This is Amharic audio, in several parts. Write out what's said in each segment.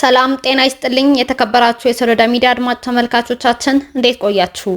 ሰላም ጤና ይስጥልኝ። የተከበራችሁ የሶሎዳ ሚዲያ አድማጭ ተመልካቾቻችን እንዴት ቆያችሁ?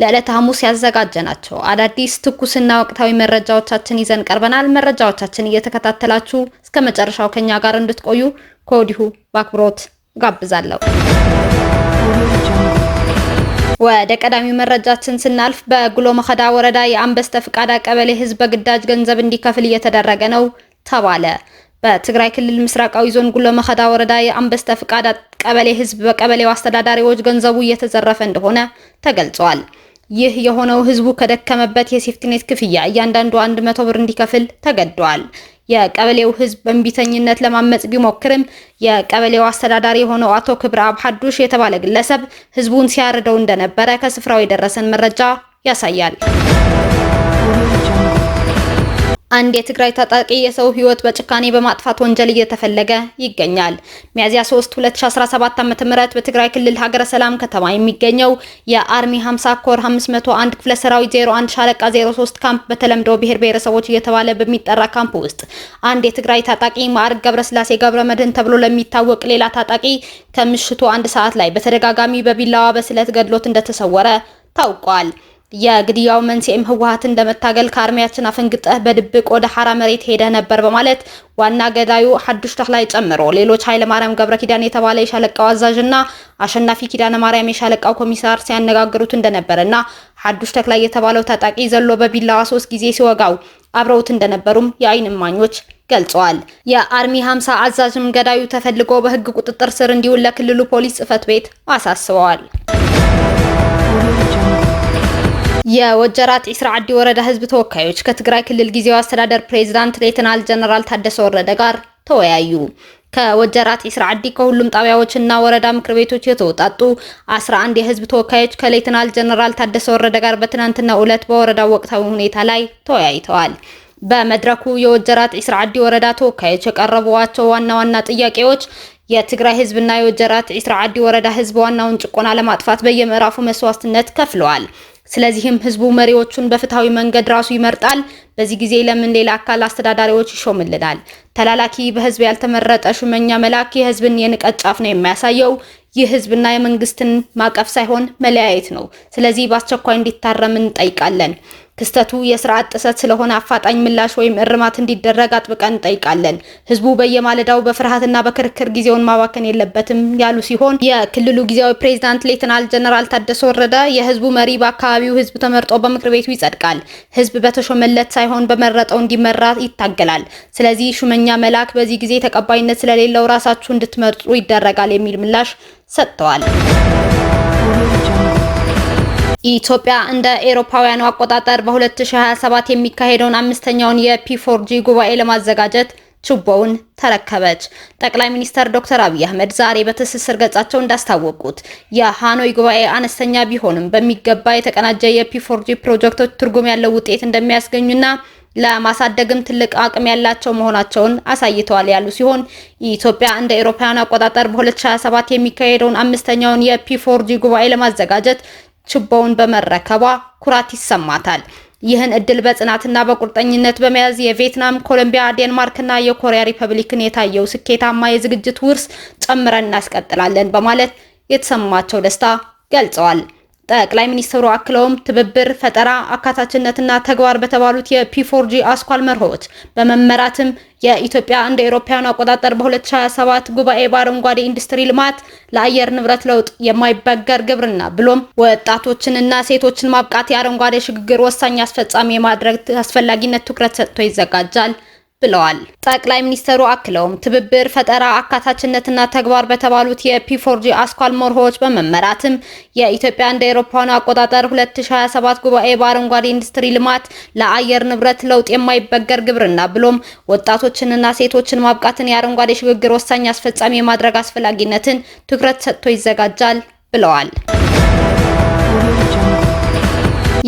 ለዕለተ ሐሙስ ያዘጋጀናቸው አዳዲስ ትኩስና ወቅታዊ መረጃዎቻችን ይዘን ቀርበናል። መረጃዎቻችን እየተከታተላችሁ እስከ መጨረሻው ከኛ ጋር እንድትቆዩ ከወዲሁ በአክብሮት ጋብዛለሁ። ወደ ቀዳሚ መረጃችን ስናልፍ በጉሎ መኸዳ ወረዳ የአንበስተ ፍቃዳ ቀበሌ ህዝብ በግዳጅ ገንዘብ እንዲከፍል እየተደረገ ነው ተባለ። በትግራይ ክልል ምስራቃዊ ዞን ጉሎ መኸዳ ወረዳ የአንበስተ ፍቃድ ቀበሌ ህዝብ በቀበሌው አስተዳዳሪዎች ገንዘቡ እየተዘረፈ እንደሆነ ተገልጿል። ይህ የሆነው ህዝቡ ከደከመበት የሴፍቲኔት ክፍያ እያንዳንዱ አንድ መቶ ብር እንዲከፍል ተገዷል። የቀበሌው ህዝብ በእንቢተኝነት ለማመጽ ቢሞክርም የቀበሌው አስተዳዳሪ የሆነው አቶ ክብረ አብ ሀዱሽ የተባለ ግለሰብ ህዝቡን ሲያርደው እንደነበረ ከስፍራው የደረሰን መረጃ ያሳያል። አንድ የትግራይ ታጣቂ የሰው ህይወት በጭካኔ በማጥፋት ወንጀል እየተፈለገ ይገኛል። ሚያዝያ 3 2017 ዓ.ም በትግራይ ክልል ሀገረ ሰላም ከተማ የሚገኘው የአርሚ 50 ኮር 501 ክፍለ ሰራዊት 01 ሻለቃ 03 ካምፕ በተለምዶ ብሔር ብሔረሰቦች እየተባለ በሚጠራ ካምፕ ውስጥ አንድ የትግራይ ታጣቂ ማዕርግ ገብረስላሴ ገብረ መድህን ተብሎ ለሚታወቅ ሌላ ታጣቂ ከምሽቱ አንድ ሰዓት ላይ በተደጋጋሚ በቢላዋ በስለት ገድሎት እንደተሰወረ ታውቋል። የግድያው መንስኤም ህወሓትን ለመታገል ከአርሚያችን አፈንግጠህ በድብቅ ወደ ሐራ መሬት ሄደህ ነበር በማለት ዋና ገዳዩ ሐዱሽ ተክላይ ጨምሮ ሌሎች ኃይለ ማርያም ገብረ ኪዳን የተባለ የሻለቃው አዛዥና አሸናፊ ኪዳነ ማርያም የሻለቃው ኮሚሳር ሲያነጋግሩት እንደነበረና ሐዱሽ ተክላይ የተባለው ታጣቂ ዘሎ በቢላዋ ሶስት ጊዜ ሲወጋው አብረውት እንደነበሩም የአይን እማኞች ገልጸዋል። የአርሚ 50 አዛዥም ገዳዩ ተፈልጎ በህግ ቁጥጥር ስር እንዲውል ለክልሉ ፖሊስ ጽህፈት ቤት አሳስበዋል። የወጀራት ዒስራ ዓዲ ወረዳ ህዝብ ተወካዮች ከትግራይ ክልል ጊዜያዊ አስተዳደር ፕሬዚዳንት ሌተናል ጀነራል ታደሰ ወረደ ጋር ተወያዩ። ከወጀራት ዒስራ ዓዲ ከሁሉም ጣቢያዎች እና ወረዳ ምክር ቤቶች የተውጣጡ 11 የህዝብ ተወካዮች ከሌተናል ጀነራል ታደሰ ወረደ ጋር በትናንትና ዕለት በወረዳው ወቅታዊ ሁኔታ ላይ ተወያይተዋል። በመድረኩ የወጀራት ዒስራ ዓዲ ወረዳ ተወካዮች የቀረቧቸው ዋና ዋና ጥያቄዎች የትግራይ ህዝብና የወጀራት ዒስራ ዓዲ ወረዳ ህዝብ ዋናውን ጭቆና ለማጥፋት በየምዕራፉ መስዋዕትነት ከፍለዋል። ስለዚህም ህዝቡ መሪዎቹን በፍትሐዊ መንገድ ራሱ ይመርጣል። በዚህ ጊዜ ለምን ሌላ አካል አስተዳዳሪዎች ይሾምልናል? ተላላኪ በህዝብ ያልተመረጠ ሹመኛ መላክ የህዝብን የንቀት ጫፍ ነው የሚያሳየው። ይህ ህዝብና የመንግስትን ማቀፍ ሳይሆን መለያየት ነው። ስለዚህ በአስቸኳይ እንዲታረም እንጠይቃለን። ክስተቱ የስርዓት ጥሰት ስለሆነ አፋጣኝ ምላሽ ወይም እርማት እንዲደረግ አጥብቀን እንጠይቃለን። ህዝቡ በየማለዳው በፍርሃትና በክርክር ጊዜውን ማባከን የለበትም ያሉ ሲሆን የክልሉ ጊዜያዊ ፕሬዚዳንት ሌትናል ጀነራል ታደሰ ወረደ የህዝቡ መሪ በአካባቢው ህዝብ ተመርጦ በምክር ቤቱ ይጸድቃል፣ ህዝብ በተሾመለት ሳይሆን በመረጠው እንዲመራ ይታገላል። ስለዚህ ሹመኛ መላክ በዚህ ጊዜ ተቀባይነት ስለሌለው ራሳችሁ እንድትመርጡ ይደረጋል የሚል ምላሽ ሰጥተዋል። ኢትዮጵያ እንደ ኤሮፓውያኑ አቆጣጠር በ2027 የሚካሄደውን አምስተኛውን የፒ4ጂ ጉባኤ ለማዘጋጀት ችቦውን ተረከበች። ጠቅላይ ሚኒስትር ዶክተር አብይ አህመድ ዛሬ በትስስር ገጻቸው እንዳስታወቁት የሃኖይ ጉባኤ አነስተኛ ቢሆንም በሚገባ የተቀናጀ የፒ4ጂ ፕሮጀክቶች ትርጉም ያለው ውጤት እንደሚያስገኙና ለማሳደግም ትልቅ አቅም ያላቸው መሆናቸውን አሳይተዋል ያሉ ሲሆን ኢትዮጵያ እንደ ኤሮፓውያን አቆጣጠር በ2027 የሚካሄደውን አምስተኛውን የፒ4ጂ ጉባኤ ለማዘጋጀት ችቦውን በመረከቧ ኩራት ይሰማታል። ይህን እድል በጽናትና በቁርጠኝነት በመያዝ የቪየትናም፣ ኮሎምቢያ፣ ዴንማርክና የኮሪያ ሪፐብሊክን የታየው ስኬታማ የዝግጅት ውርስ ጨምረን እናስቀጥላለን በማለት የተሰማቸው ደስታ ገልጸዋል። ጠቅላይ ሚኒስትሩ አክለውም ትብብር፣ ፈጠራ፣ አካታችነትና ተግባር በተባሉት የፒፎርጂ አስኳል መርሆች በመመራትም የኢትዮጵያ እንደ አውሮፓውያኑ አቆጣጠር በ2027 ጉባኤ በአረንጓዴ ኢንዱስትሪ ልማት ለአየር ንብረት ለውጥ የማይበገር ግብርና ብሎም ወጣቶችንና ሴቶችን ማብቃት የአረንጓዴ ሽግግር ወሳኝ አስፈጻሚ የማድረግ አስፈላጊነት ትኩረት ሰጥቶ ይዘጋጃል። ብለዋል። ጠቅላይ ሚኒስትሩ አክለውም ትብብር፣ ፈጠራ፣ አካታችነትና ተግባር በተባሉት የፒፎርጂ አስኳል መርሆዎች በመመራትም የኢትዮጵያ እንደ ኤሮፓውያኑ አቆጣጠር 2027 ጉባኤ በአረንጓዴ ኢንዱስትሪ ልማት ለአየር ንብረት ለውጥ የማይበገር ግብርና ብሎም ወጣቶችንና ሴቶችን ማብቃትን የአረንጓዴ ሽግግር ወሳኝ አስፈጻሚ የማድረግ አስፈላጊነትን ትኩረት ሰጥቶ ይዘጋጃል ብለዋል።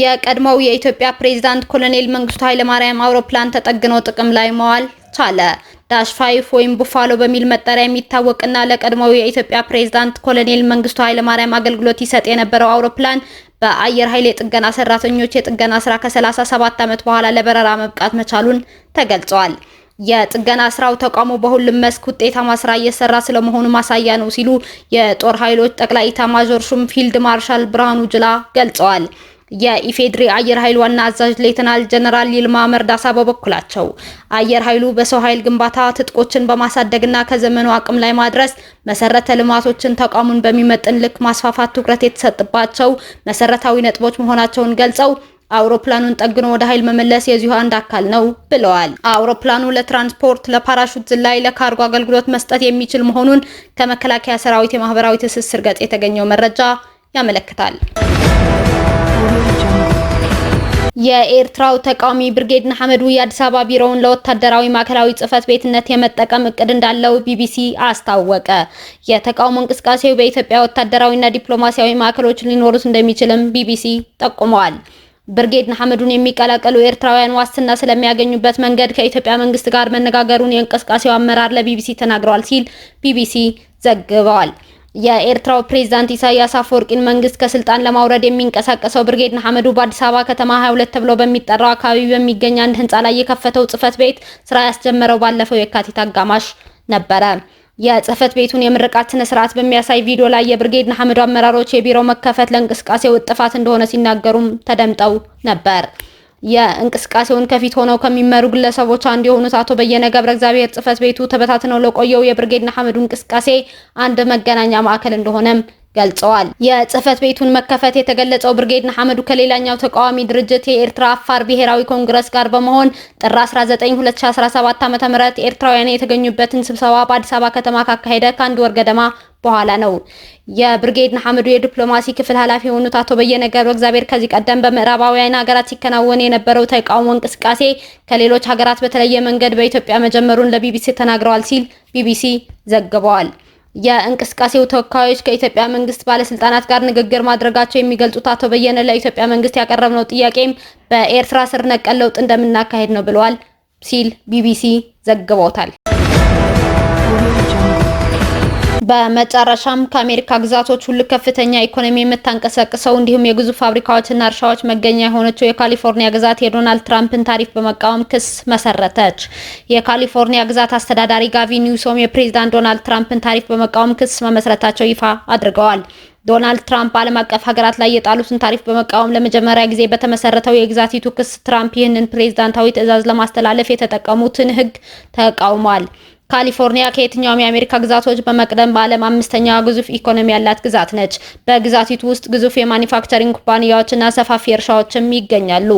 የቀድሞው የኢትዮጵያ ፕሬዝዳንት ኮሎኔል መንግስቱ ኃይለማርያም አውሮፕላን ተጠግኖ ጥቅም ላይ መዋል ቻለ። ዳሽ ፋይፍ ወይም ቡፋሎ በሚል መጠሪያ የሚታወቅና ለቀድሞው የኢትዮጵያ ፕሬዝዳንት ኮሎኔል መንግስቱ ኃይለማርያም አገልግሎት ይሰጥ የነበረው አውሮፕላን በአየር ኃይል የጥገና ሰራተኞች የጥገና ስራ ከ37 ዓመት በኋላ ለበረራ መብቃት መቻሉን ተገልጿል። የጥገና ስራው ተቋሙ በሁሉም መስክ ውጤታማ ስራ እየሰራ ስለመሆኑ ማሳያ ነው ሲሉ የጦር ኃይሎች ጠቅላይ ኢታማዦር ሹም ፊልድ ማርሻል ብርሃኑ ጅላ ገልጸዋል። የኢፌድሪ አየር ኃይል ዋና አዛዥ ሌተናል ጀነራል ይልማ መርዳሳ በበኩላቸው አየር ኃይሉ በሰው ኃይል ግንባታ ትጥቆችን በማሳደግና ከዘመኑ አቅም ላይ ማድረስ መሰረተ ልማቶችን ተቋሙን በሚመጥን ልክ ማስፋፋት ትኩረት የተሰጥባቸው መሰረታዊ ነጥቦች መሆናቸውን ገልጸው አውሮፕላኑን ጠግኖ ወደ ኃይል መመለስ የዚሁ አንድ አካል ነው ብለዋል። አውሮፕላኑ ለትራንስፖርት፣ ለፓራሹት ዝላይ፣ ለካርጎ አገልግሎት መስጠት የሚችል መሆኑን ከመከላከያ ሰራዊት የማህበራዊ ትስስር ገጽ የተገኘው መረጃ ያመለክታል። የኤርትራው ተቃዋሚ ብርጌድ ንሓመዱ የአዲስ አበባ ቢሮውን ለወታደራዊ ማዕከላዊ ጽፈት ቤትነት የመጠቀም እቅድ እንዳለው ቢቢሲ አስታወቀ። የተቃውሞ እንቅስቃሴው በኢትዮጵያ ወታደራዊና ዲፕሎማሲያዊ ማዕከሎች ሊኖሩት እንደሚችልም ቢቢሲ ጠቁመዋል። ብርጌድ ንሓመዱን የሚቀላቀሉ ኤርትራውያን ዋስትና ስለሚያገኙበት መንገድ ከኢትዮጵያ መንግስት ጋር መነጋገሩን የእንቅስቃሴው አመራር ለቢቢሲ ተናግረዋል ሲል ቢቢሲ ዘግበዋል። የኤርትራው ፕሬዝዳንት ኢሳያስ አፈወርቂን መንግስት ከስልጣን ለማውረድ የሚንቀሳቀሰው ብርጌድ ንሓመዱ በአዲስ አበባ ከተማ 22 ተብሎ በሚጠራው አካባቢ በሚገኝ አንድ ህንፃ ላይ የከፈተው ጽህፈት ቤት ስራ ያስጀመረው ባለፈው የካቲት አጋማሽ ነበረ። የጽህፈት ቤቱን የምርቃት ስነ ስርዓት በሚያሳይ ቪዲዮ ላይ የብርጌድ ንሓመዱ አመራሮች የቢሮው መከፈት ለእንቅስቃሴው ጥፋት እንደሆነ ሲናገሩም ተደምጠው ነበር። የእንቅስቃሴውን ከፊት ሆነው ከሚመሩ ግለሰቦች አንዱ የሆኑት አቶ በየነ ገብረ እግዚአብሔር ጽሕፈት ቤቱ ተበታትነው ለቆየው የብርጌድና ሐመዱ እንቅስቃሴ አንድ መገናኛ ማዕከል እንደሆነም ገልጸዋል። የጽህፈት ቤቱን መከፈት የተገለጸው ብርጌድ ንሓመዱ ከሌላኛው ተቃዋሚ ድርጅት የኤርትራ አፋር ብሔራዊ ኮንግረስ ጋር በመሆን ጥር 19 2017 ዓ.ም ኤርትራውያን የተገኙበትን ስብሰባ በአዲስ አበባ ከተማ ካካሄደ ከአንድ ወር ገደማ በኋላ ነው። የብርጌድ ንሓመዱ የዲፕሎማሲ ክፍል ኃላፊ የሆኑት አቶ በየነ ገብረ እግዚአብሔር ከዚህ ቀደም በምዕራባውያን ሀገራት ሲከናወን የነበረው ተቃውሞ እንቅስቃሴ ከሌሎች ሀገራት በተለየ መንገድ በኢትዮጵያ መጀመሩን ለቢቢሲ ተናግረዋል ሲል ቢቢሲ ዘግበዋል። የእንቅስቃሴው ተወካዮች ከኢትዮጵያ መንግስት ባለስልጣናት ጋር ንግግር ማድረጋቸው የሚገልጹት አቶ በየነ ለኢትዮጵያ መንግስት ያቀረብነው ጥያቄም በኤርትራ ስር ነቀል ለውጥ እንደምናካሄድ ነው ብለዋል ሲል ቢቢሲ ዘግቦታል። በመጨረሻም ከአሜሪካ ግዛቶች ሁሉ ከፍተኛ ኢኮኖሚ የምታንቀሳቅሰው እንዲሁም የግዙፍ ፋብሪካዎችና እርሻዎች መገኛ የሆነችው የካሊፎርኒያ ግዛት የዶናልድ ትራምፕን ታሪፍ በመቃወም ክስ መሰረተች። የካሊፎርኒያ ግዛት አስተዳዳሪ ጋቪ ኒውሶም የፕሬዚዳንት ዶናልድ ትራምፕን ታሪፍ በመቃወም ክስ መመስረታቸው ይፋ አድርገዋል። ዶናልድ ትራምፕ ዓለም አቀፍ ሀገራት ላይ የጣሉትን ታሪፍ በመቃወም ለመጀመሪያ ጊዜ በተመሰረተው የግዛቲቱ ክስ ትራምፕ ይህንን ፕሬዚዳንታዊ ትዕዛዝ ለማስተላለፍ የተጠቀሙትን ሕግ ተቃውሟል። ካሊፎርኒያ ከየትኛውም የአሜሪካ ግዛቶች በመቅደም በዓለም አምስተኛ ግዙፍ ኢኮኖሚ ያላት ግዛት ነች። በግዛቲቱ ውስጥ ግዙፍ የማኒፋክቸሪንግ ኩባንያዎችና ሰፋፊ እርሻዎችም ይገኛሉ።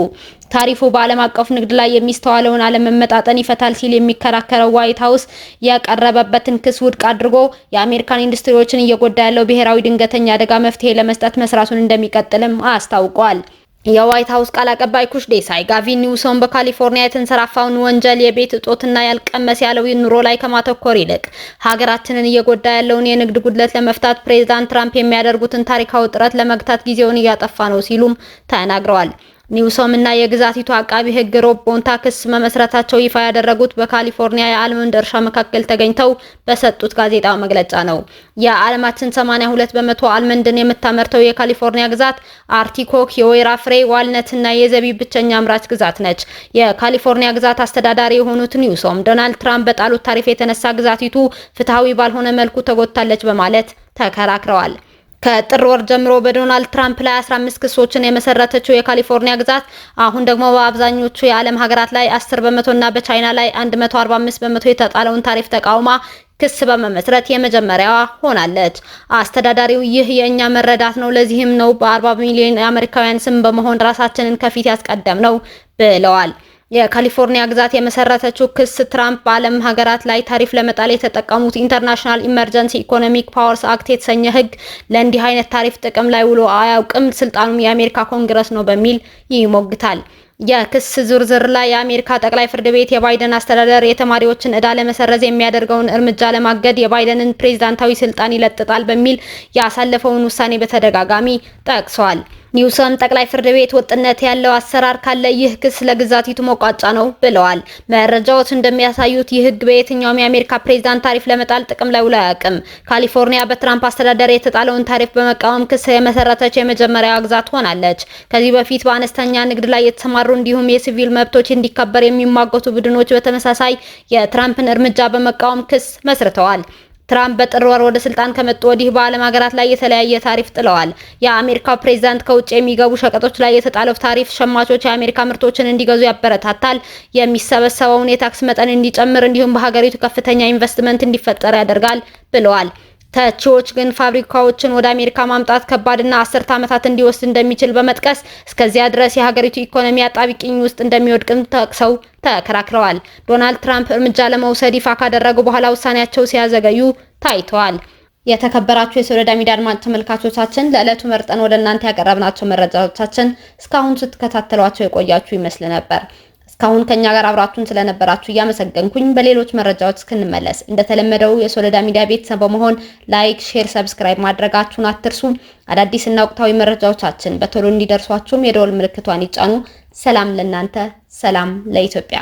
ታሪፉ በዓለም አቀፍ ንግድ ላይ የሚስተዋለውን አለመመጣጠን ይፈታል ሲል የሚከራከረው ዋይት ሀውስ የቀረበበትን ክስ ውድቅ አድርጎ የአሜሪካን ኢንዱስትሪዎችን እየጎዳ ያለው ብሔራዊ ድንገተኛ አደጋ መፍትሄ ለመስጠት መስራቱን እንደሚቀጥልም አስታውቋል። የዋይት ሀውስ ቃል አቀባይ ኩሽ ዴሳይ ጋቪን ኒውሶም በካሊፎርኒያ የተንሰራፋውን ወንጀል የቤት እጦትና ያልቀመስ ያለው ኑሮ ላይ ከማተኮር ይልቅ ሀገራችንን እየጎዳ ያለውን የንግድ ጉድለት ለመፍታት ፕሬዚዳንት ትራምፕ የሚያደርጉትን ታሪካዊ ጥረት ለመግታት ጊዜውን እያጠፋ ነው ሲሉም ተናግረዋል። ኒውሶም እና የግዛቲቱ አቃቢ ህግ ሮብ ቦንታ ክስ መመስረታቸው ይፋ ያደረጉት በካሊፎርኒያ የአልመንድ እርሻ መካከል ተገኝተው በሰጡት ጋዜጣዊ መግለጫ ነው። የዓለማችን 82 በመቶ አልመንድን የምታመርተው የካሊፎርኒያ ግዛት አርቲኮክ፣ የወይራ ፍሬ፣ ዋልነትና የዘቢብ ብቸኛ አምራች ግዛት ነች። የካሊፎርኒያ ግዛት አስተዳዳሪ የሆኑት ኒውሶም ዶናልድ ትራምፕ በጣሉት ታሪፍ የተነሳ ግዛቲቱ ፍትሐዊ ባልሆነ መልኩ ተጎድታለች በማለት ተከራክረዋል። ከጥር ወር ጀምሮ በዶናልድ ትራምፕ ላይ 15 ክሶችን የመሰረተችው የካሊፎርኒያ ግዛት አሁን ደግሞ በአብዛኞቹ የዓለም ሀገራት ላይ 10 እና በቻይና ላይ 145 በመቶ የተጣለውን ታሪፍ ተቃውማ ክስ በመመስረት የመጀመሪያዋ ሆናለች። አስተዳዳሪው ይህ የእኛ መረዳት ነው፣ ለዚህም ነው በ40 ሚሊዮን አሜሪካውያን ስም በመሆን ራሳችንን ከፊት ያስቀደም ነው ብለዋል። የካሊፎርኒያ ግዛት የመሰረተችው ክስ ትራምፕ በዓለም ሀገራት ላይ ታሪፍ ለመጣል የተጠቀሙት ኢንተርናሽናል ኢመርጀንሲ ኢኮኖሚክ ፓወርስ አክት የተሰኘ ሕግ ለእንዲህ አይነት ታሪፍ ጥቅም ላይ ውሎ አያውቅም፣ ስልጣኑም የአሜሪካ ኮንግረስ ነው በሚል ይሞግታል። የክስ ዝርዝር ላይ የአሜሪካ ጠቅላይ ፍርድ ቤት የባይደን አስተዳደር የተማሪዎችን እዳ ለመሰረዝ የሚያደርገውን እርምጃ ለማገድ የባይደንን ፕሬዝዳንታዊ ስልጣን ይለጥጣል በሚል ያሳለፈውን ውሳኔ በተደጋጋሚ ጠቅሰዋል። ኒውሰም ጠቅላይ ፍርድ ቤት ወጥነት ያለው አሰራር ካለ ይህ ክስ ለግዛቲቱ መቋጫ ነው ብለዋል። መረጃዎች እንደሚያሳዩት ይህ ህግ በየትኛውም የአሜሪካ ፕሬዚዳንት ታሪፍ ለመጣል ጥቅም ላይ ውሎ አያውቅም። ካሊፎርኒያ በትራምፕ አስተዳደር የተጣለውን ታሪፍ በመቃወም ክስ የመሰረተች የመጀመሪያዋ ግዛት ሆናለች። ከዚህ በፊት በአነስተኛ ንግድ ላይ የተሰማሩ እንዲሁም የሲቪል መብቶች እንዲከበር የሚሟገቱ ቡድኖች በተመሳሳይ የትራምፕን እርምጃ በመቃወም ክስ መስርተዋል። ትራምፕ በጥር ወር ወደ ስልጣን ከመጡ ወዲህ በዓለም ሀገራት ላይ የተለያየ ታሪፍ ጥለዋል። የአሜሪካው ፕሬዚዳንት ከውጭ የሚገቡ ሸቀጦች ላይ የተጣለው ታሪፍ ሸማቾች የአሜሪካ ምርቶችን እንዲገዙ ያበረታታል፣ የሚሰበሰበውን የታክስ መጠን እንዲጨምር፣ እንዲሁም በሀገሪቱ ከፍተኛ ኢንቨስትመንት እንዲፈጠር ያደርጋል ብለዋል። ተቺዎች ግን ፋብሪካዎችን ወደ አሜሪካ ማምጣት ከባድና አስርተ ዓመታት እንዲወስድ እንደሚችል በመጥቀስ እስከዚያ ድረስ የሀገሪቱ ኢኮኖሚ አጣብቂኝ ውስጥ እንደሚወድቅም ጠቅሰው ተከራክረዋል። ዶናልድ ትራምፕ እርምጃ ለመውሰድ ይፋ ካደረጉ በኋላ ውሳኔያቸው ሲያዘገዩ ታይተዋል። የተከበራችሁ የሶሎዳ ሚዲያ አድማጭ ተመልካቾቻችን ለዕለቱ መርጠን ወደ እናንተ ያቀረብናቸው መረጃዎቻችን እስካሁን ስትከታተሏቸው የቆያችሁ ይመስል ነበር። እስካሁን ከኛ ጋር አብራችሁን ስለነበራችሁ እያመሰገንኩኝ በሌሎች መረጃዎች እስክንመለስ እንደተለመደው የሶለዳ ሚዲያ ቤተሰብ በመሆን ላይክ፣ ሼር፣ ሰብስክራይብ ማድረጋችሁን አትርሱ። አዳዲስና ወቅታዊ መረጃዎቻችን በቶሎ እንዲደርሷችሁም የደወል ምልክቷን ይጫኑ። ሰላም ለእናንተ፣ ሰላም ለኢትዮጵያ።